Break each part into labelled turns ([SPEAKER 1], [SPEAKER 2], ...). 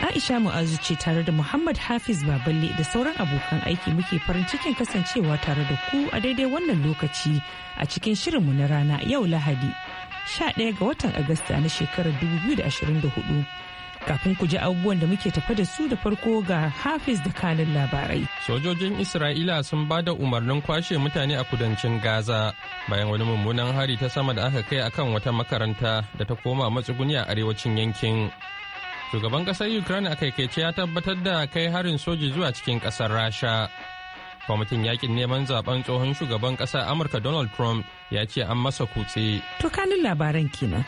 [SPEAKER 1] Aisha Mu'azu ce tare da Muhammad Hafiz Baballe da sauran abokan aiki muke farin cikin kasancewa tare da ku a daidai wannan lokaci a cikin shirinmu na rana yau Lahadi 11 ga watan Agusta na shekarar 2024. Kafin ku ji abubuwan da muke tafa da su da farko ga Hafiz da kanin labarai.
[SPEAKER 2] Sojojin Isra'ila sun ba da umarnin kwashe mutane a kudancin Gaza bayan wani mummunan hari ta sama da aka kai akan wata makaranta da ta koma matsuguni a arewacin yankin. shugaban ƙasar ukraine a kaikaice ya tabbatar da kai harin soji zuwa cikin ƙasar rasha kwamitin yakin neman zaben tsohon shugaban ƙasar amurka donald trump ya ce an masa kutse
[SPEAKER 1] to kanin labaran kenan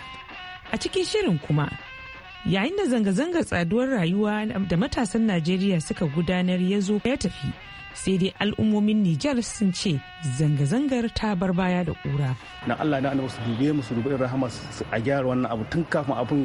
[SPEAKER 1] a cikin shirin kuma yayin da zanga-zangar tsaduwar rayuwa da matasan najeriya suka gudanar ya zo ya tafi sai dai al'ummomin Nijar sun ce zanga-zangar ta bar
[SPEAKER 3] baya da ƙura. Na Allah na annabi su dube mu su dubi rahama a gyara wannan abu tun kafin abun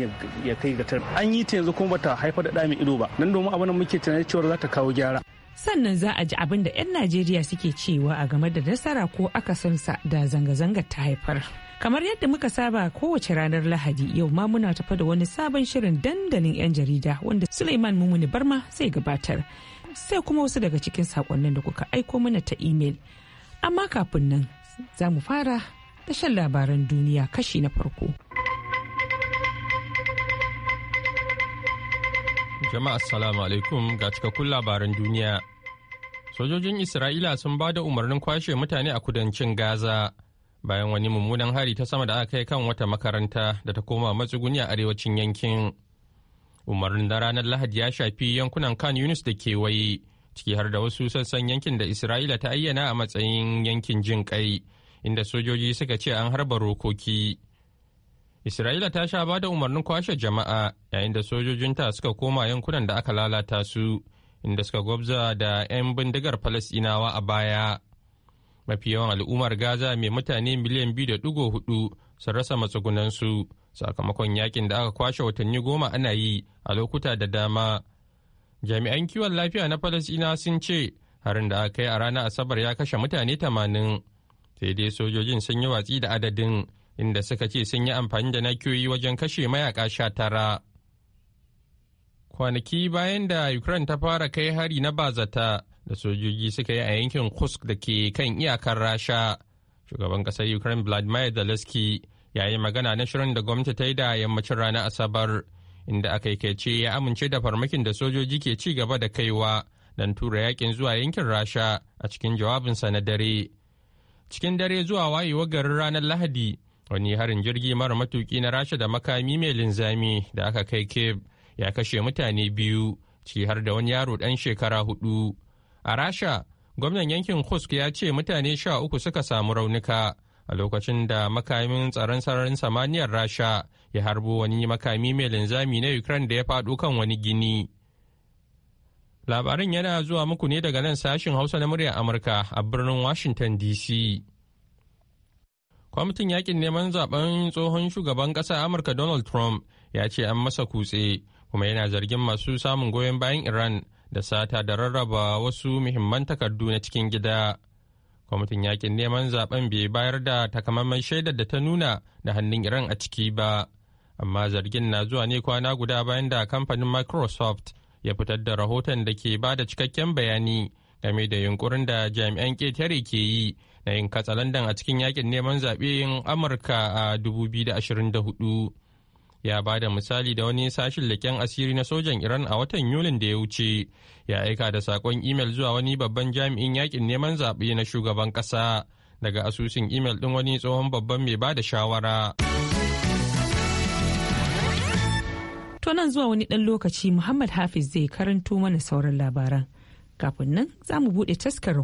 [SPEAKER 3] ya kai ga tar. An yi ta yanzu kuma bata haifar da ɗami ido ba. Nan domin abin muke tunanin cewa za ta kawo gyara.
[SPEAKER 1] Sannan za a ji abin da 'yan Najeriya suke cewa a game da nasara ko aka sa da zanga-zangar ta haifar. Kamar yadda muka saba kowace ranar Lahadi yau ma muna tafa da wani sabon shirin dandalin 'yan jarida wanda Suleiman Mumuni Barma zai gabatar. sai kuma wasu daga cikin sakonnin da kuka aiko mana ta imel. Amma kafin nan za mu fara da shan labaran duniya kashi na farko.
[SPEAKER 2] Jama'a assalamu alaikum ga cikakkun labaran duniya. Sojojin Isra'ila sun ba da umarnin kwashe mutane a kudancin Gaza bayan wani mummunan hari ta sama da aka kai kan wata makaranta da ta koma matsuguni a arewacin yankin. umarnin da ranar lahadi ya shafi yankunan kan yunus da kewaye ciki har da wasu sassan yankin da isra'ila ta ayyana a matsayin yankin jin kai inda sojoji suka ce an harba rokoki isra'ila ta sha bada umarnin kwashe jama'a yayin da sojojinta suka koma yankunan da aka lalata su inda suka gwabza da 'yan bindigar falasinawa a baya mafi yawan al'ummar gaza mai mutane miliyan biyu hudu sun rasa matsugunansu sakamakon yakin da aka kwashe watanni goma ana yi a lokuta da dama jami'an kiwon lafiya na falasina sun ce harin da aka yi a ranar asabar ya kashe mutane tamanin sai dai sojojin sun yi watsi da adadin inda suka ce sun yi amfani da nakiyoyi wajen kashe mayaka sha kwanaki bayan da ukraine ta fara kai hari na bazata da sojoji suka yi a yankin kusk da ke kan iyakar rasha shugaban ƙasar ukraine vladimir zelensky yayi magana na shirin da gwamnati ta yi da yammacin ranar asabar inda aka ce ya amince da farmakin da sojoji ke ci gaba da kaiwa don tura yakin zuwa yankin rasha a cikin jawabinsa na dare cikin dare zuwa wayewar garin ranar lahadi wani harin jirgi mara matuki na rasha da makami mai linzami da aka kai keb ya kashe mutane biyu ci har da wani yaro ɗan shekara hudu a rasha gwamnan yankin kusk ya ce mutane sha uku suka samu raunuka a lokacin da makamin tsaron sararin samaniyar rasha ya harbo wani makami mai linzami na ukraine da ya faɗo kan wani gini labarin yana zuwa muku ne daga nan sashin hausa na muryar amurka a birnin washington dc kwamitin yakin neman zaben tsohon shugaban ƙasa amurka donald trump ya ce an masa kutse kuma yana zargin masu samun goyon bayan iran da sata da rarraba wasu muhimman takardu na cikin gida kwamitin yakin neman zaben bai bayar da takamaiman shaidar da ta nuna da hannun iran a ciki ba amma zargin na zuwa ne kwana guda bayan da kamfanin microsoft ya fitar da rahoton da ke ba da cikakken bayani game da yunkurin da jami'an ƙetare ke yi na yin katsalandan a cikin yakin neman zaɓe amurka a 2024 ya ba da misali da wani sashin leƙen asiri na sojan iran a watan yulin da ya wuce ya aika da saƙon imel zuwa wani babban jami'in yakin neman zaɓe na shugaban ƙasa daga asusun imel ɗin wani tsohon babban mai ba da shawara
[SPEAKER 1] to nan zuwa wani ɗan lokaci muhammad hafiz zai karanto mana sauran labaran kafin nan za mu buɗe taskar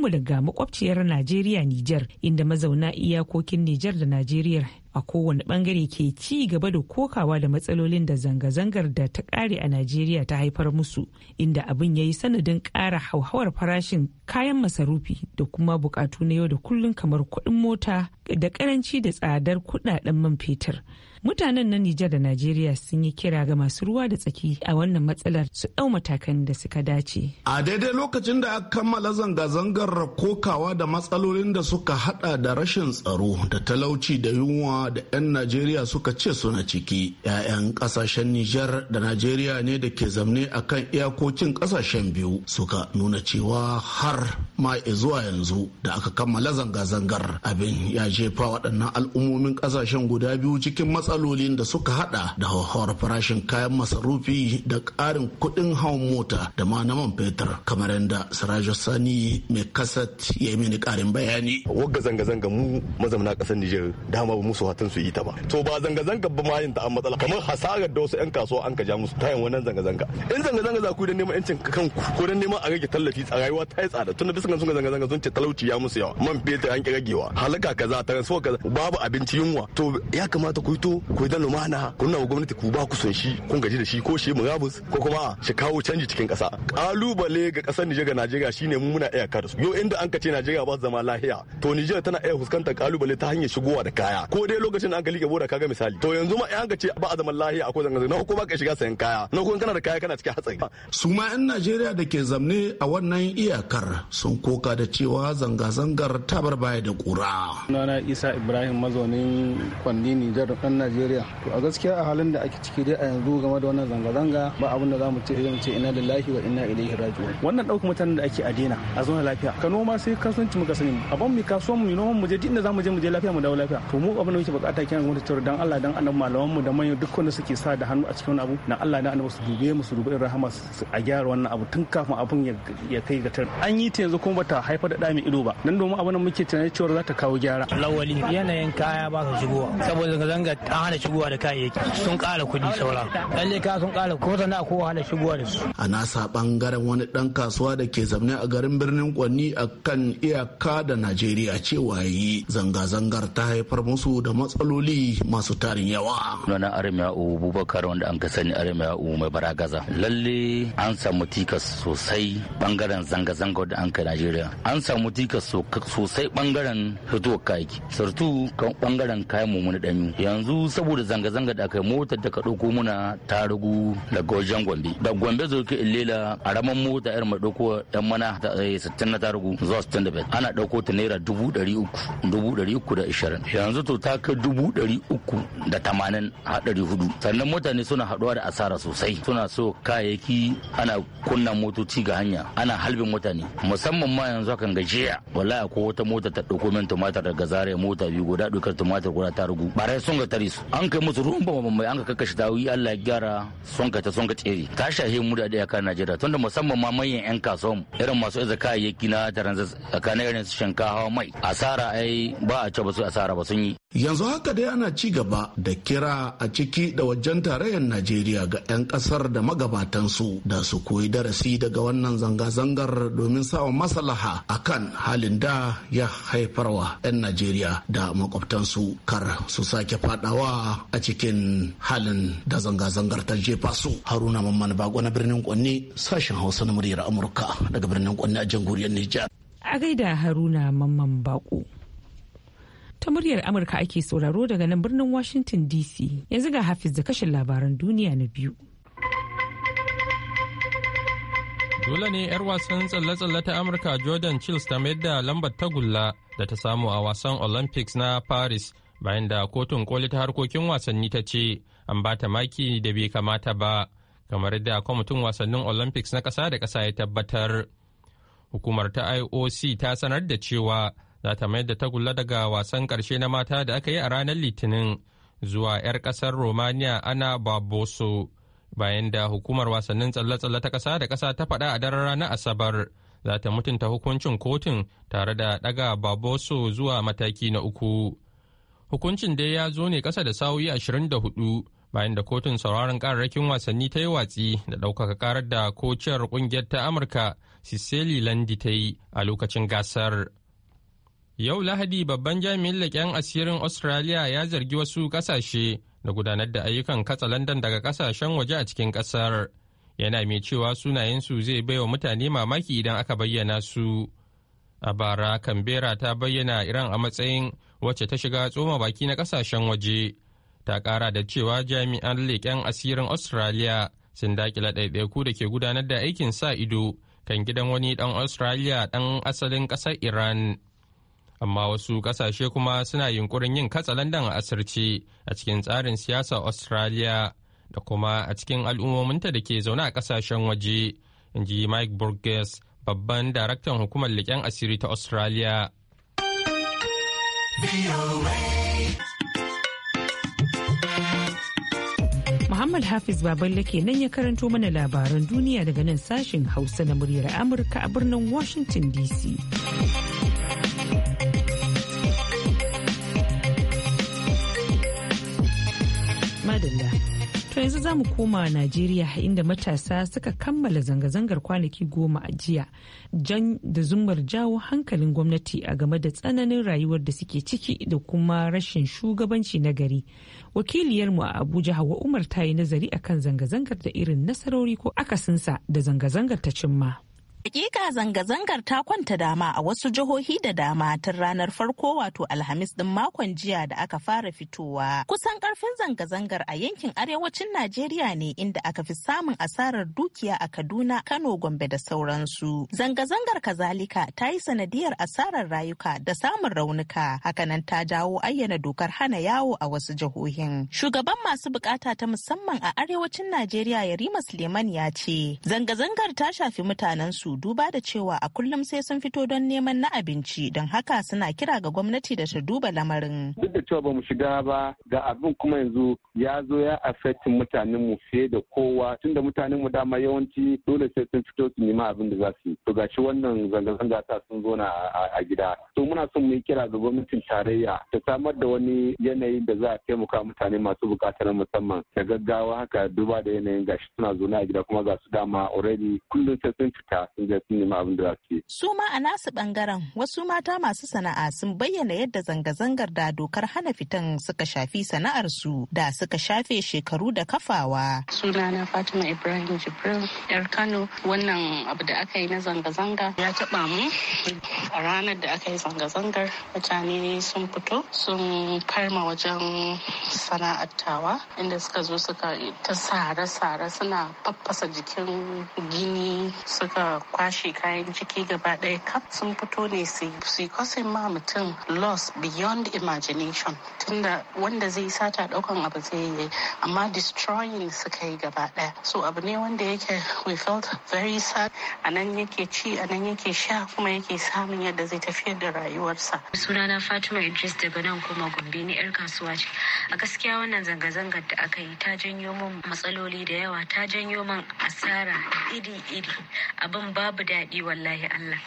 [SPEAKER 1] mu daga makwabciyar najeriya nijar inda mazauna iyakokin niger da najeriya a kowane bangare ke ci gaba da kokawa da matsalolin da zanga-zangar da ta kare a najeriya ta haifar musu inda abin ya yi sanadin ƙara hauhawar farashin kayan masarufi da kuma bukatu na yau da kullum kamar kuɗin mota da karanci da tsadar kuɗaɗen man fetur mutanen na Nijar da Najeriya sun yi kira ga masu ruwa da tsaki a wannan matsalar su ɗau matakan da suka dace.
[SPEAKER 4] A daidai lokacin da aka kammala zanga-zangar kokawa da matsalolin da suka haɗa da rashin tsaro da talauci da yunwa da 'yan Najeriya suka ce suna ciki. 'Ya'yan kasashen Nijar da Najeriya ne da ke zamne a kan iyakokin kasashen biyu suka nuna cewa har ma zuwa yanzu da aka kammala zanga-zangar abin ya jefa waɗannan al'ummomin kasashen guda biyu cikin matsala matsalolin da suka hada da hauhawar farashin kayan masarufi da ƙarin kuɗin hawan mota da ma na man fetur
[SPEAKER 5] kamar yadda sarajo sani mai kasat ya yi mini ƙarin bayani wagga zanga-zanga mu mazamna kasar niger dama ba musu hatan su yi ta ba to ba zanga-zanga ba ma yin ta an matsala kamar hasarar da wasu 'yan kasuwa an ka ja musu yin wannan zanga-zanga in zanga-zanga za ku da neman 'yancin kanku ko dan neman a rage tallafi a rayuwa ta yi tsada tun da bisa sun zanga-zanga sun ce talauci ya musu yawa man fetur an ki ragewa halaka kaza transfer kaza babu abinci yunwa to ya kamata ku to ku da lumana ku nuna gwamnati ku ba ku son shi kun gaji da shi ko shi mugabus ko kuma shi kawo canji cikin kasa. kalubale ga kasar Nijar ga Najeriya shine mu muna iya su yau inda an ka Najeriya ba zama lahiya to Nijar tana iya fuskantar kalubale ta hanyar shigowa da kaya ko dai lokacin da an ka liƙe boda kaga misali to yanzu ma an ka ce ba a zaman lahiya akwai zanga zanga na hukuma ka shiga sayan kaya na hukuma kana da kaya kana cikin hatsari su ma 'yan Najeriya da ke zamne
[SPEAKER 4] a wannan iyakar sun koka da cewa zanga-zangar ta bar baya da kura. na Isa Ibrahim mazaunin Kwandi najeriya to a gaskiya a halin da ake ciki dai a yanzu game da wannan zanga-zanga ba abin da zamu ce zan ce ina lillahi wa inna ilaihi raji'un wannan
[SPEAKER 3] ɗaukar mutanen da ake a dina a zauna lafiya ka noma sai kasuwanci muka sani a ban mu kasuwan mu noman mu je duk inda zamu je mu je lafiya mu dawo lafiya to mu abin da muke bukata kenan gwamnati ta dan Allah dan annabi malaman mu da manyan duk wanda suke sa da hannu a cikin abu na Allah dan annabi su dube mu su dube rahama a gyara wannan abu tun kafin abin ya kai ga tar an yi ta yanzu kuma bata haifar da dami ido ba dan domin abin da muke tunanin cewa za ta kawo gyara
[SPEAKER 6] lawali yanayin kaya ba su shigowa saboda zanga zanga dan hana shigowa da kayayyaki sun kara kudi saura lalle ka sun kara ko sana ko hana shigowa da su
[SPEAKER 4] a nasa bangaren wani dan kasuwa da ke zaune a garin birnin Kwanni a kan iyaka da Najeriya cewa yi
[SPEAKER 6] zanga-zangar ta haifar musu da matsaloli masu tarin yawa. Nuna Arimiyau Bubakar wanda an ka sani Arimiyau mai baragaza. Lalle an samu tikas sosai bangaren zanga-zanga da an kai Najeriya. An samu tikas sosai bangaren hito kayaki. Sartu kan bangaren kayan mummuni ɗanyu. Yanzu saboda zanga-zanga da aka yi motar da ka ɗauko muna ta ragu daga wajen gombe da gombe zo ke illela a ramar mota yar mai ɗauko yan mana ta eh, sittin na ta ragu zuwa sittin da bai. ana ɗauko ta naira dubu ɗari uku dubu ɗari uku da ishirin yanzu to ta kai dubu ɗari uku da tamanin har ɗari hudu sannan mutane suna haɗuwa da asara sosai suna so kayayyaki ana kunna motoci ga hanya ana halbin mutane musamman ma yanzu hakan gajiya wallahi ko wata mota ta ɗauko min tumatir daga zare mota biyu guda ɗaukar tumatar guda ta rugu ɓarai sun ga tari. an kai musu ruwan bama mai an ka kakkashe dawoyi Allah ya gyara sonka ta sonka tsere ta shahe mu da Najeriya tunda musamman ma manyan yan kasuwan irin masu iza kayayyaki na taranzas tsakanin irin shinkafa mai asara ai ba a ce ba su asara ba sun yi
[SPEAKER 4] yanzu haka dai ana ci gaba da kira a ciki da wajen tarayyar Najeriya ga 'yan kasar da magabatan su da su koyi darasi daga wannan zanga-zangar domin sawa masalaha akan halin da ya haifarwa 'yan Najeriya da makwabtansu kar su sake fadawa kowa a cikin halin da zanga-zangar ta jefa su haruna mamman bako na birnin kwanne sashen hausa na muryar amurka daga birnin kwanne a jamhuriyar nijar
[SPEAKER 1] a gaida haruna mamman bako ta muryar amurka ake sauraro daga nan birnin washington dc yanzu ga hafiz da kashin labaran duniya na biyu
[SPEAKER 2] dole ne 'yar wasan tsalle-tsalle ta amurka jordan chills ta mayar da lambar tagulla da ta samu a wasan olympics na paris bayan da kotun koli ta harkokin wasanni ta ce an ba ta maki da bai kamata ba kamar da kwamitin wasannin olympics na ƙasa da ƙasa ya tabbatar hukumar ta ioc ta sanar da cewa za ta mayar da tagulla daga wasan karshe na mata da aka yi a ranar litinin zuwa 'yar ƙasar romania ana baboso bayan da hukumar wasannin tsalle-tsalle ta kasa da kasa ta faɗa a daren ranar asabar za ta mutunta hukuncin kotun tare da ɗaga baboso zuwa mataki na uku Hukuncin dai ya zo ne kasa da sa'o'i 24 bayan da kotun sauraron kararrakin wasanni ta yi watsi da ɗaukaka karar da kociyar ƙungiyar ta Amurka Siseli Landi ta yi a lokacin gasar. Yau Lahadi babban jami'in laƙen asirin Australia ya zargi wasu ƙasashe da gudanar da ayyukan katsa katsalandan daga ƙasashen waje a cikin ƙasar. Yana mai cewa sunayensu zai baiwa mutane mamaki idan aka bayyana su. A bara, kambera ta bayyana Iran a matsayin wacce ta shiga tsoma baki na kasashen waje ta kara da cewa jami'an leƙen asirin australia sun dakila ɗaiɗaiku da ke gudanar da aikin sa ido kan gidan wani ɗan australia ɗan asalin ƙasar iran amma wasu ƙasashe kuma suna yunkurin yin katsalandan a asirce a cikin tsarin siyasar australia da kuma a cikin al'ummominta da ke zaune a ƙasashen waje in ji mike burgess babban daraktan hukumar leƙen asiri ta australia
[SPEAKER 1] Muhammad Hafiz Baballe ke nan ya karanto mana labaran duniya daga nan sashen Hausa na muryar Amurka a birnin Washington DC. Madalla. To yanzu za mu koma Najeriya inda matasa suka kammala zanga-zangar kwanaki goma a jiya jan da zumar jawo hankalin gwamnati a game da tsananin rayuwar da suke ciki da kuma rashin shugabanci na gari. Wakiliyarmu a Abuja Hawa Umar ta yi nazari akan zanga-zangar da irin nasarori ko akasinsa da zanga-zangar ta cimma.
[SPEAKER 2] Hakika
[SPEAKER 7] zanga-zangar ta kwanta dama a wasu jihohi da dama tun ranar farko wato Alhamis din makon jiya da aka fara fitowa. Kusan ƙarfin zanga-zangar a yankin arewacin Najeriya ne inda aka fi samun asarar dukiya a Kaduna, Kano, Gombe da sauransu. Zanga-zangar kazalika ta yi sanadiyar asarar rayuka da samun raunuka. Hakanan ta jawo ayyana dokar hana yawo a wasu jihohin. Shugaban masu bukata ta musamman a arewacin Najeriya Yarima Suleiman ya ce, zanga-zangar ta shafi mutanen su duba da cewa a kullum sai sun fito don neman na abinci don haka suna kira ga gwamnati da ta duba lamarin.
[SPEAKER 8] Duk da cewa bamu shiga ba ga abin kuma yanzu ya zo ya mutanen mutanenmu fiye da kowa tunda mutanenmu dama yawanci dole sai sun fito su nema abin da za su yi. To shi wannan zanga-zanga ta sun zo na a gida. To muna son mu yi kira ga gwamnatin tarayya ta samar da wani yanayi da za a taimaka mutane masu bukatar musamman da gaggawa haka duba da yanayin gashi suna zo na gida kuma ga su dama already kullum sai sun fita sun ga sun nema abin da za su yi.
[SPEAKER 7] Su ma a nasu bangaren wasu mata masu sana'a sun bayyana yadda zanga-zangar da dokar hana fitan suka shafi sana'ar su da suka shafe shekaru da kafawa. Sunana Fatima Ibrahim Jibril yar Kano wannan abu da aka yi na zanga-zanga ya taɓa mu a ranar da aka yi zanga-zangar mutane sun fito sun farma wajen sana'ar tawa inda suka zo suka ta sare-sare suna faffasa jikin gini suka kwashe kayan ciki gaba ɗaya kaf sun fito ne su yi kwasin ma mutum loss beyond imagination tunda wanda zai sata ɗaukan abu zai yi amma destroying suka yi gaba ɗaya so abu ne wanda yake we felt very sad a nan yake ci a nan yake sha kuma yake samun yadda zai tafiyar da rayuwarsa sunana fatima idris daga nan kuma gombe ni yar kasuwa ce a gaskiya wannan zanga-zangar da aka yi ta janyo mun matsaloli da yawa ta janyo min asara iri-iri abin babu daɗi wallahi Allah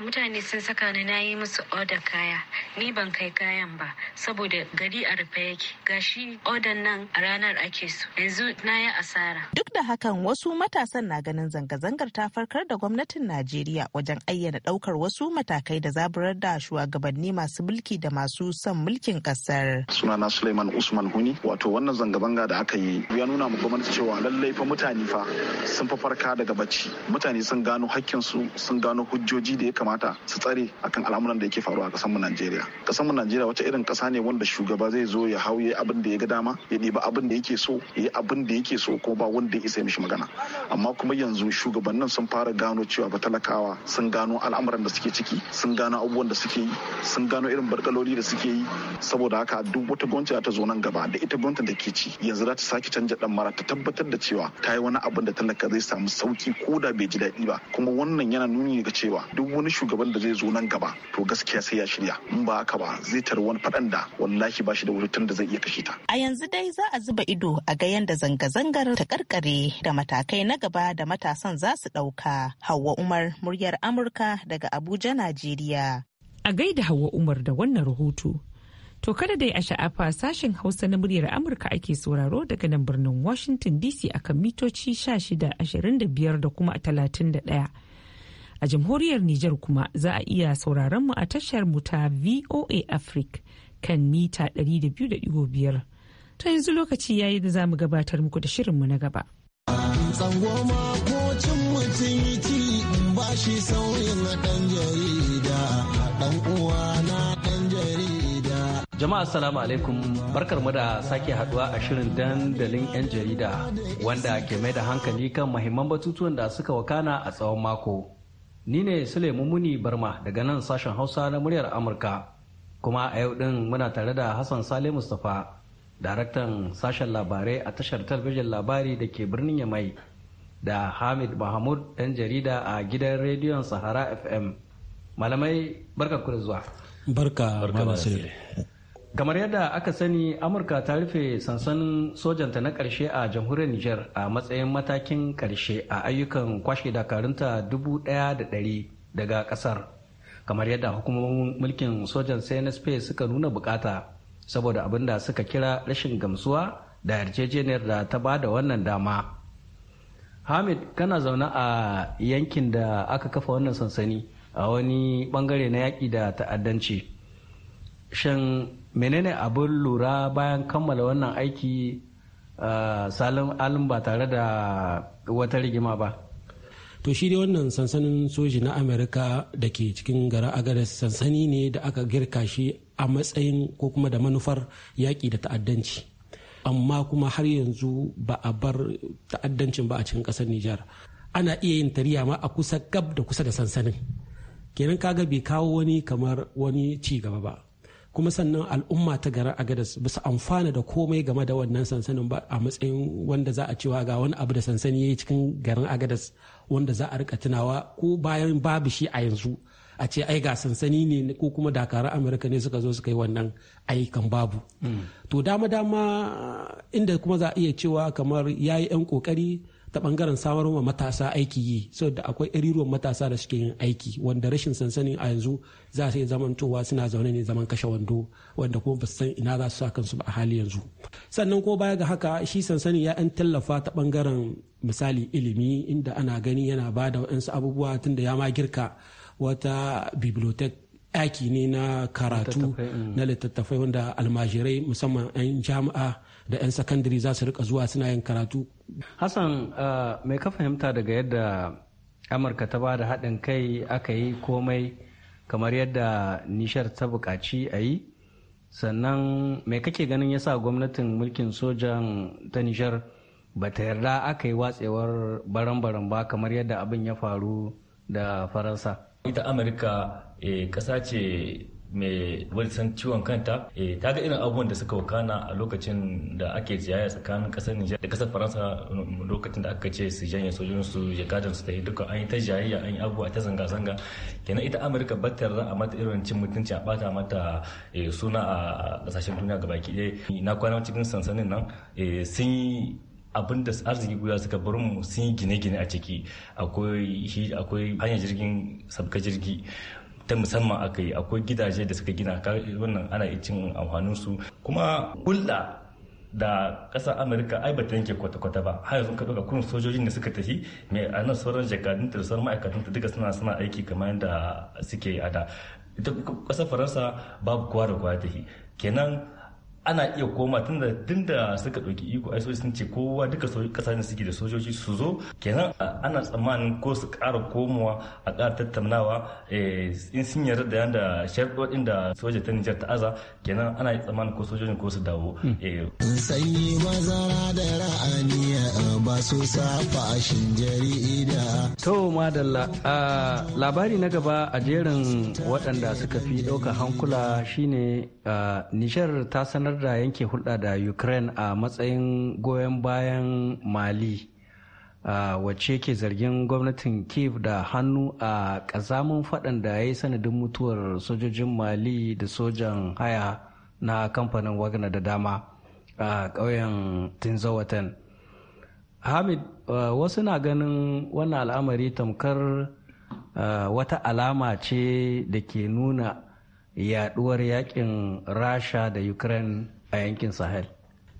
[SPEAKER 7] mutane sun saka ni na yi musu oda kaya ni ban kai kayan ba saboda gari a rufe yake gashi odan nan a ranar ake su yanzu na yi asara duk da hakan wasu matasan na ganin zanga-zangar ta farkar da gwamnatin najeriya wajen ayyana daukar wasu matakai da zaburar da shugabanni masu mulki da masu son mulkin kasar
[SPEAKER 4] sunana suleiman usman huni wato wannan zanga-zanga da aka yi ya nuna mu gwamnati cewa lallai fa mutane fa sun fa farka daga bacci mutane sun gano hakkinsu sun gano hujjoji da ya kamata su tsare akan al'amuran da yake faruwa a kasar mu Najeriya kasar mu Najeriya wacce irin kasa ne wanda shugaba zai zo ya hauye abin da ya ga dama ya ɗiba abin da yake so ya abin da yake so ko ba wanda ya isa mishi magana amma kuma yanzu shugabannin sun fara gano cewa ba talakawa sun gano al'amuran da suke ciki sun gano abubuwan da suke yi sun gano irin barkaloli da suke yi saboda haka duk wata gwamnati ta zo nan gaba da ita gwamnatin da ke ci yanzu za ta sake canja dan mara ta tabbatar da cewa ta yi wani abin da talaka zai samu sauki ko da bai ji daɗi ba kuma wannan yana nuni ga cewa duk wani shugaban da zai zo nan gaba to gaskiya sai ya shirya in ba haka ba zai tar wani faɗan da wallahi ba shi da wurin da zai iya kashe ta.
[SPEAKER 7] A yanzu dai za a zuba ido a ga yanda zanga-zangar ta karkare da matakai na gaba da matasan za su ɗauka. Hauwa Umar muryar Amurka daga Abuja, Najeriya.
[SPEAKER 1] A gaida Hauwa Umar da wannan rahoto. To kada dai a sha'afa sashen Hausa na muryar Amurka ake sauraro daga nan birnin Washington DC akan mitoci 16, 25 da kuma 31. A jamhuriyar Nijar kuma za a iya sauraron mu a tashar mu ta VOA Africa kan mita 200.5. Ta yanzu lokaci yayi da zamu gabatar muku da shirinmu na gaba.
[SPEAKER 8] Jama'a salamu alaikum barkar mu da sake haduwa a shirin dandalin 'yan jarida wanda ke mai da hankali kan mahimman batutuwan da suka wakana a tsawon mako. Ni ne Suleiman Muni Barma daga nan sashen Hausa na muryar Amurka. Kuma a yau ɗin muna tare da Hassan Sale Mustapha, daraktan sashen labarai a tashar talabijin labari da ke birnin Yamai, da Hamid Mahmud ɗan jarida a gidan rediyon Sahara FM. Malamai barka ku zuwa.
[SPEAKER 9] Barka, barka
[SPEAKER 8] kamar yadda aka sani amurka ta rufe sansanin sojanta na karshe a jamhuriyar niger a matsayin matakin karshe a ayyukan kwashe dakarunta dubu daya da dari daga kasar kamar yadda hukumomin mulkin sojan cnsp suka nuna bukata saboda abin da suka kira rashin gamsuwa da yarjejeniyar da ta ba da wannan dama hamid kana zaune a yankin da aka kafa wannan sansani a wani bangare na yaƙi da ta'addanci shin menene abin lura bayan kammala wannan aiki salim alim ba tare da wata rigima ba to shi dai wannan sansanin soji
[SPEAKER 9] na amerika da ke cikin garin agadas sansani ne da aka girka shi a matsayin ko kuma da manufar yaƙi da ta'addanci amma kuma har yanzu ba a bar ta'addancin ba a cikin ƙasar nijar ana iya yin tariya ma a kusa gab da kusa da sansanin kenan kaga bai kawo wani kamar wani ci gaba ba kuma sannan al'umma ta garin agadas ba su amfana da komai game da wannan sansanin ba a matsayin wanda za a cewa ga wani abu da sansani ya yi cikin garin agadas wanda za a rika tunawa ko bayan babu shi a yanzu a ce ai ga sansani ne ko kuma dakarun amurka ne suka zo suka yi wannan ayyukan babu hmm. to dama dama inda kuma za a iya cewa kamar ya yi 'yan kokari ta bangaren samar wa matasa aiki yi saboda akwai iriruwan matasa da suke yin aiki wanda rashin sansanin a yanzu za su iya zamantowa suna zaune ne zaman kashe wando wanda kuma ba su san ina za su sa kansu ba a hali yanzu sannan ko baya ga haka shi sansani ya yan tallafa ta bangaren misali ilimi inda ana gani yana ba da wa'ansu abubuwa tunda ya ma girka wata bibliotek ɗaki ne na karatu mm. na littattafai wanda almajirai musamman 'yan jami'a da 'yan sakandare za su rika zuwa suna yin karatu
[SPEAKER 8] hassan uh, mai ka fahimta daga yadda amurka ta ba da haɗin kai aka yi komai kamar yadda nishar ta buƙaci a yi sannan mai kake ganin yasa gwamnatin mulkin sojan ta nishar ba ta yarda aka yi watsewar baran-baran ba kamar yadda abin ya faru da faransa
[SPEAKER 3] ita amurka eh, ƙasa ce mai wilson ciwon kanta eh, ta ga irin abubuwan da suka wakana a lokacin da ake ziyara tsakanin kasar nijar da kasar faransa mm, lokacin da aka ce su janya sojojin su ya gadon su ta yi duka an yi ta jayayya an yi abubuwa ta zanga-zanga kenan ita amurka batar za a mata irin cin mutunci a bata mata eh, suna a kasashen duniya ga baki na kwana cikin sansanin nan eh, sun yi abin da arziki guda suka bar mu sun yi gine-gine a ciki akwai hanyar jirgin sabka jirgi ta musamman aka yi akwai gidaje da suka gina wannan ana cin amfaninsu kuma hulɗa da ƙasar amurka ai bata yanke kwata-kwata ba har yanzu ka ɗauka kurin sojojin da suka tafi mai a nan sauran jakadun da sauran ma'aikatan ta duka suna suna aiki kamar yadda suke yi a da ita ƙasar faransa babu kowa da kowa tafi kenan ana iya koma tunda tunda suka ɗauki iko ai sun ce kowa duka sojoji kasashen suke da sojoji su zo kenan ana tsammanin ko su ƙara komowa a ƙara tattaunawa eh, in sun yarda da yanda sharɗoɗin da sojoji ta Nijar ta aza kenan ana tsammanin ko sojojin ko su dawo.
[SPEAKER 8] Hmm. Eh. Sanyi mazara da ra'aniya ba su sa a jarida. To madalla labari na gaba a jerin waɗanda suka fi ɗauka hankula shine Nijar ta sanar da yanke hulɗa da ukraine a matsayin goyon bayan mali wacce ke zargin gwamnatin kiev da hannu a ƙazamin faɗan da ya yi sanadin mutuwar sojojin mali da sojan haya na kamfanin wagner da dama a ƙauyen tinzawatan hamid wasu na ganin wannan al'amari tamkar wata alama ce da ke nuna yaduwar yakin rasha da ukraine a yankin sahel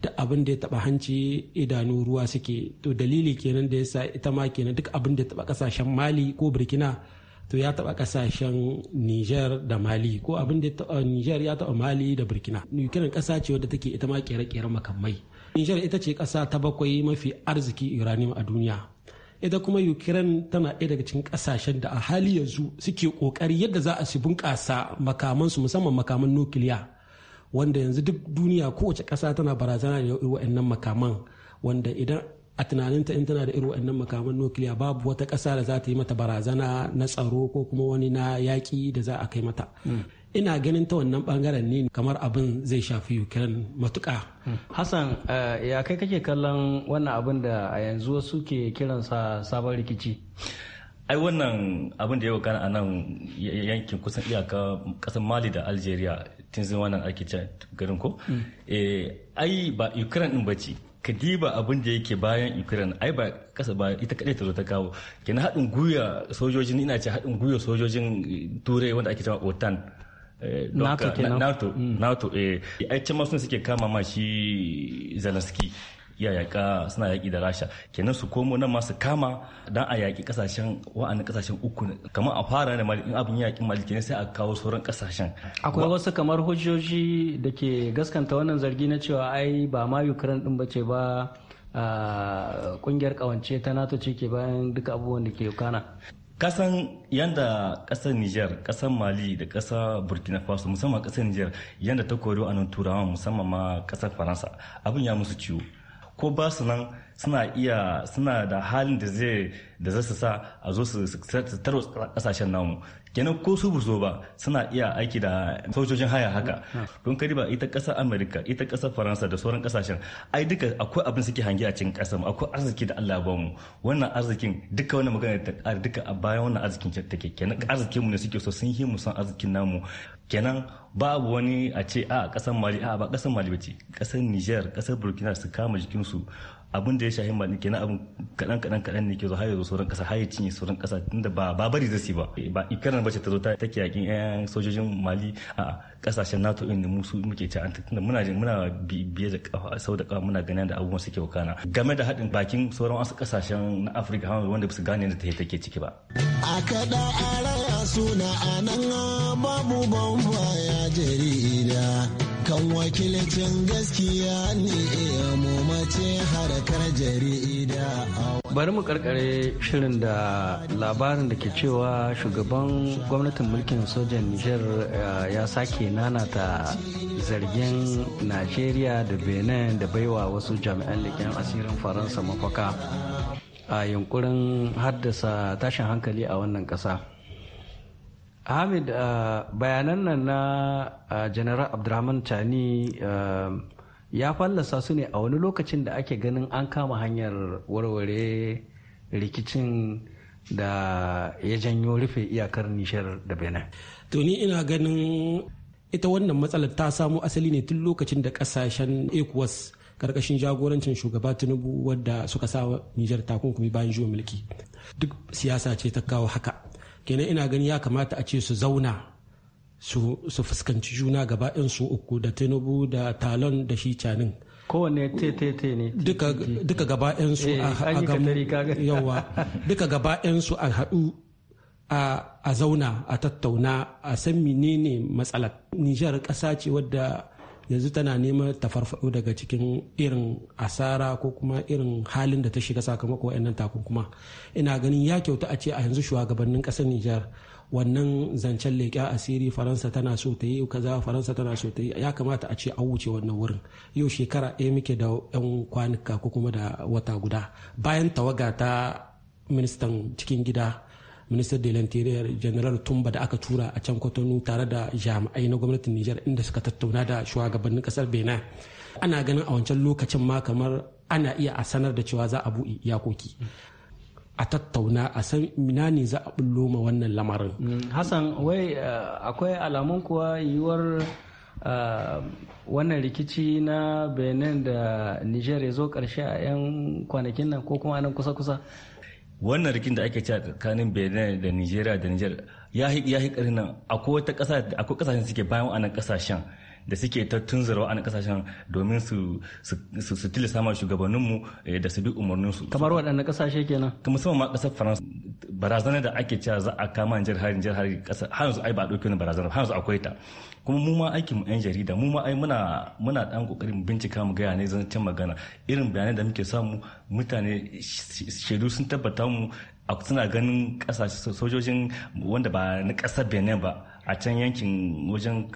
[SPEAKER 8] da abin da ya taba hanci idanu ruwa
[SPEAKER 9] suke to dalili kenan da ya sa ita ma kenan duk abin da ya taba kasashen mali ko burkina to ya taba kasashen niger da mali ko abin da ya taba niger ya taba mali da burkina ukraine kasa ce wadda take ita ma kere-kere makamai niger ita ce kasa ta bakwai mafi arziki uranium a duniya ita kuma ukraine tana ɗaya daga cikin ƙasashen da a hali yanzu suke ƙoƙari yadda za a su bunƙasa makamansu musamman makaman nukiliya wanda yanzu duk duniya kowace ƙasa tana barazana da wa'annan makaman wanda idan a tunaninta in tana da irin wa'annan makaman nukiliya babu wata ƙasa da za ta yi mata barazana na tsaro ko kuma wani na yaƙi da za a kai mata ina ganin ta wannan bangaren ne kamar
[SPEAKER 3] abin zai shafi ukraine matuka
[SPEAKER 8] hassan eh, ya kai kake kallon wannan abin da a yanzu wasu ke kiransa sabon rikici
[SPEAKER 3] ai wannan abin da ya gana a nan yankin kusan iyaka kasar mali da algeria tun zai wannan ake garin ko hmm. eh, ai ba ukraine din bace kadiba abin da yake bayan ukraine ai ba kasa ba ita kadai ta zo ta kawo kenan haɗin guya sojojin ina ce haɗin guya sojojin turai wanda ake cewa otan Eh, nato kenan nato mm. eh, ai can sun suke kama ma shi zelensky ya yaƙa suna yaƙi da rasha kenan su komo nan masu kama don a yaƙi kasashen wa'annan kasashen uku kamar a fara ne in abin yaƙin mali kenan sai a kawo sauran kasashen
[SPEAKER 8] akwai wasu kamar hujjoji da ke gaskanta wannan zargi na cewa ai ba ma ukraine din bace ba kungiyar ah, kawance ta nato ce ke bayan duka abubuwan da ke kana kasan
[SPEAKER 3] yanda kasar niger kasar mali da kasa burkina faso musamman kasar niger yanda ta kori a nan musamman ma kasar faransa abin ya musu ciwo ko ba su nan suna iya suna da halin da zai da zasu sa a zo su taro kasashen namu kenan ko su zo ba suna iya aiki da sojojin haya haka don kariba ita kasar amerika ita kasar faransa da sauran kasashen ai duka akwai abin suke hangi a cikin kasar akwai arziki da allah ba mu wannan arzikin duka wannan magana ta ƙara duka a bayan wannan arzikin take kenan arzikin mu ne suke so sun yi mu san arzikin namu kenan babu wani a ce a kasar mali a ba kasar mali ba ce kasar niger kasar burkina su kama jikinsu abin da ya shahi ne kenan abin kadan kadan kadan ne ke zo har yanzu sauran kasa har ya cinye sauran kasa tunda ba ba bari zai ba eh, ba ikaran bace ta zo ta take yakin yan sojojin mali a kasashen nato in da musu muke ci an tunda muna jin muna biye da kafa sau da kafa muna ganin da abubuwan suke wakana game da haɗin bakin sauran wasu kasashen na afirka wanda ba su gane da ta take ciki ba
[SPEAKER 7] a kada a
[SPEAKER 9] raya suna anan babu ban ya jarida kan wakilcin gaskiya ne mu mace harkar
[SPEAKER 6] jarida
[SPEAKER 8] bari mu karkare shirin da labarin da ke cewa shugaban gwamnatin mulkin sojan niger eh, ya sake nanata zargin najeriya da benin da baiwa wasu jami'an leƙen asirin faransa mafaka a yunkurin haddasa tashin hankali a wannan ƙasa. Hamid uh, bayanan nan na uh, General Abdurrahman Tani um, ya fallasa su ne a wani lokacin da ake ganin an kama hanyar warware rikicin da ya janyo rufe iyakar nishar da benin to ni ina ganin ita wannan matsalar ta samo
[SPEAKER 9] asali ne tun lokacin da kasashen ecowas karkashin jagorancin shugaba tinubu wadda suka sa nijar takunkumi bayan juyin mulki duk siyasa ce ta kawo haka kenan ina gani ya kamata a ce su zauna su fuskanci juna gaba ɗin su uku da tinubu da talon da shi canin kowane ttt ne duka gaba ɗin su a eh, gamu yawa duka gaba ɗin su a haɗu a zauna a tattauna a san menene matsalar nijar ƙasa ce wadda yanzu tana neman ta farfado daga cikin irin asara ko kuma irin halin da ta shiga sakamakon wayannan takunkuma ina ganin ya kyauta a ce a yanzu shugabannin kasar Nijar wannan zancen leƙa asiri faransa tana so ta yi kaza faransa tana so ta yi ya kamata a ce an wuce wannan wurin yau shekara ɗaya muke da yan kwanuka ko kuma da wata guda bayan tawaga ta ministan cikin gida ministan da interior general tumba da aka tura a can kwatano tare da jami'ai na gwamnatin Nijar inda suka tattauna da shugabannin kasar benin ana ganin a wancan lokacin ma kamar ana iya a sanar da cewa za a buɗe iyakoki a tattauna a san ina ne za a bullo ma wannan lamarin
[SPEAKER 8] mm, hassan wai eh, akwai alamun kuwa yiwuwar eh, wannan rikici na benin da niger ya zo karshe a 'yan kwanakin nan ko kuma nan kusa-kusa
[SPEAKER 3] wannan rikin da ake cewa tsakanin benin da nigeria da niger ya yi ya akwai wata kasashen suke bayan wannan kasashen da suke ta tunzura wa'annan kasashen domin su su tilasta ma shugabanninmu eh, da su bi umarninsu kamar waɗannan kasashe kenan ka musamman ma ƙasar faransa barazanar da ake cewa za a kama jihar harin jihar harin ƙasar har yanzu ai ba a ɗauki wani barazanar har yanzu akwai ta kuma mu ma aikin mu 'yan jarida mu ma ai muna muna dan kokarin bincika mu gaya ne zancen magana irin bayanai da muke samu mutane shaidu sun tabbata mu suna ganin kasashe sojojin wanda ba na ƙasar benin ba a can yankin wajen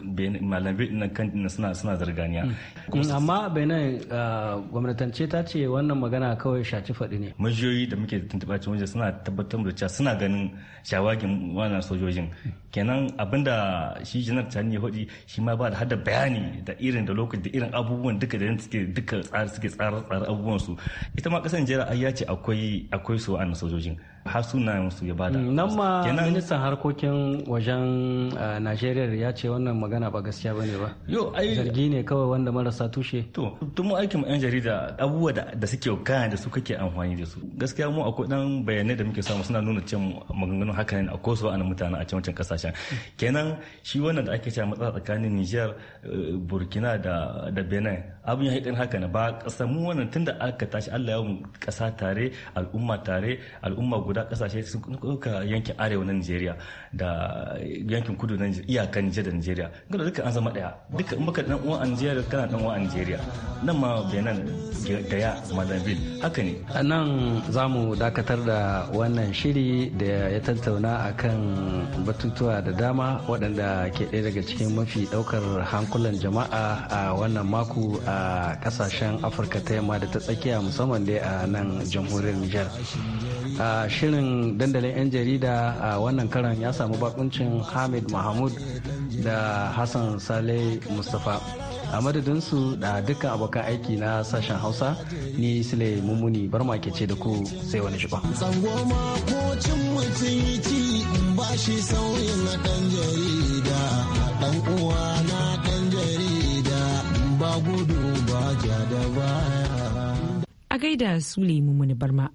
[SPEAKER 3] malambe kan suna suna zarganiya mm,
[SPEAKER 8] amma benin uh, gwamnatance ta ce wannan magana kawai shaci faɗi ne
[SPEAKER 3] majiyoyi da muke tuntuɓa cikin wajen suna tabbatar da cewa suna ganin shawagin wannan sojojin kenan abinda shi janar ta ne faɗi shi ma ba da hada bayani da irin da lokaci da irin abubuwan duka da suke duka tsara suke tsara tsara abubuwan su ita ma kasan jera ai ya ce akwai akwai su wa'annan sojojin har sunayen su ya bada mm, nan ma
[SPEAKER 8] ministan harkokin wajen a Najeriya ya ce wannan magana ba gaskiya bane ba. Yo ai zargi ne kawai wanda marasa tushe. To
[SPEAKER 3] tun mu aikin yan jarida abubuwa da suke kana da su kake amfani da su. Gaskiya mu akwai dan bayanai da muke samu suna nuna cewa maganganun haka ne akwai su ana mutane a can kasashen. Kenan shi wannan da ake cewa matsala tsakanin Niger, eh, Burkina da da Benin abun ya haƙin haka ne ba kasa mu wannan tunda aka tashi Allah ya mu kasa tare al'umma tare al'umma guda ƙasashe suka yankin arewa na Nigeria da yankin kudu kudu na iyakan Nijar da Nijeriya gaba duka an zama daya duka in baka dan uwan Nijeriya kana dan uwan Nijeriya nan ma Benin ya Malamville
[SPEAKER 8] haka ne a nan za mu dakatar da wannan shiri da ya tattauna akan batutuwa da dama waɗanda ke ɗaya daga cikin mafi ɗaukar hankulan jama'a a wannan mako a ƙasashen Afirka ta yamma da ta tsakiya musamman dai a nan jamhuriyar Nijar a shirin dandalin 'yan jarida a wannan karan ya samu bakuncin hamid mahmud da hassan saleh mustapha a madadinsu da duka abokan aiki na sashen hausa ni sile mummuni barma ke ce da ku sai wani shiba bashi
[SPEAKER 9] sauyin jarida ɗan da
[SPEAKER 1] a gaida sule mummuni barma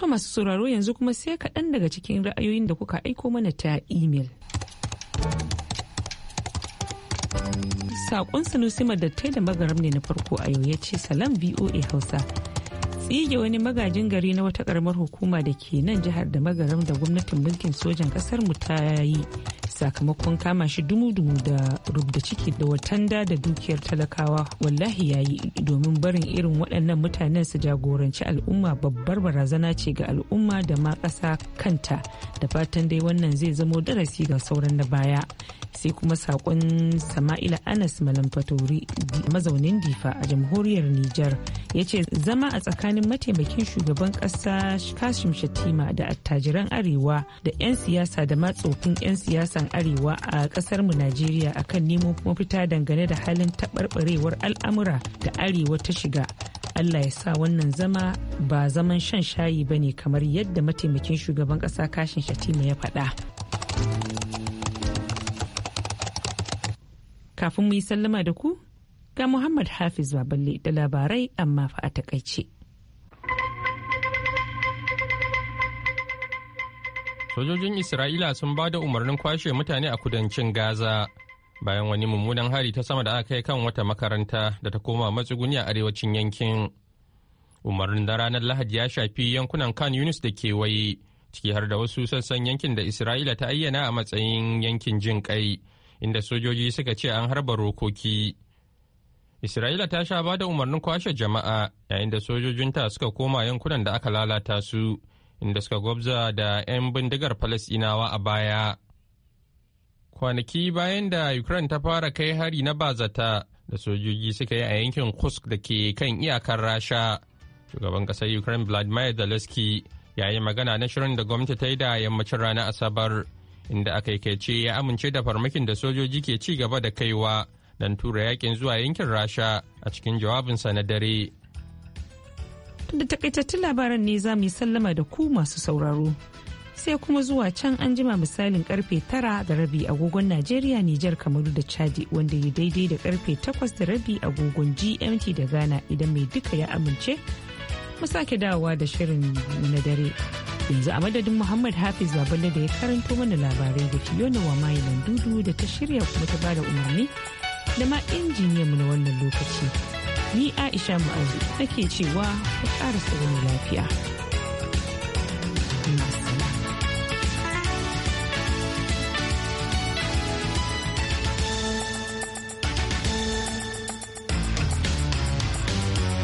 [SPEAKER 1] To masu sauraro yanzu kuma sai kaɗan daga cikin ra'ayoyin da kuka aiko mana ta imel. Saƙon Sanusi Madattai da Magaram ne na farko a yau ya ce Salam VOA Hausa. tsige wani magajin gari na wata karamar hukuma da ke nan jihar da magaram da gwamnatin mulkin sojan kasar mu ta yi sakamakon kama shi dumu-dumu da rubda ciki da watanda da dukiyar talakawa wallahi ya yi domin barin irin waɗannan mutanen su jagoranci al'umma babbar barazana ce ga al'umma da ma ƙasa kanta da fatan dai wannan zai zamo darasi ga sauran na baya sai kuma sakon sama'ila anas malam mazaunin difa a jamhuriyar nijar ya ce zama a tsakanin mataimakin shugaban kasa kashim shatima da attajiran arewa da 'yan siyasa da matsofin 'yan siyasan arewa a kasar mu najeriya akan nemo mafita dangane da halin taɓarɓarewar al'amura da arewa ta shiga Allah ya sa wannan zama ba zaman shan shayi ba ne kamar yadda mataimakin shugaban ƙasa kashin shatima ya faɗa. Kafin mu yi sallama da ku, ga Muhammad Hafiz Baballe da labarai amma fa a takaice.
[SPEAKER 2] Sojojin Isra'ila sun ba da umarnin kwashe mutane a kudancin Gaza bayan wani mummunan hari ta sama da aka kai kan wata makaranta da ta koma matsuguni a arewacin yankin. Umarnin da ranar Lahadi ya shafi yankunan Khan Yunus da kewaye, ciki har da wasu sassan yankin da Isra'ila ta ayyana a matsayin yankin jin kai inda sojoji suka ce an harba rokoki. Isra'ila ta sha ba da umarnin kwashe jama'a yayin da sojojinta suka koma yankunan da aka lalata su inda suka gwabza da 'yan bindigar falastinawa a baya. Kwanaki bayan da Ukraine ta fara kai hari na bazata da sojoji suka yi a yankin Kusk da ke kan iyakar Rasha, shugaban ƙasar Ukraine Vladimir Zelensky ya yi magana na shirin da gwamnati ta yi da yammacin ranar Asabar. inda aka ce ya amince da farmakin da sojoji ke ci gaba da kaiwa don tura yakin zuwa yankin rasha a cikin jawabinsa na dare
[SPEAKER 1] da takaitattun labaran ne za mu yi sallama da ku masu sauraro sai kuma zuwa can an jima misalin karfe tara da rabi agogon najeriya nijar kamaru da chadi wanda ya daidai da karfe takwas da rabi agogon gmt da ghana idan mai duka ya amince mu sake dawowa da shirin na dare yanzu a madadin muhammad hafiz baballe da ya karanto mana labarai da fiona wa mayilan dudu da ta shirya kuma ta bada umarni da ma mu na wannan lokaci ni aisha mu'azu nake cewa ku ƙara tsaro lafiya.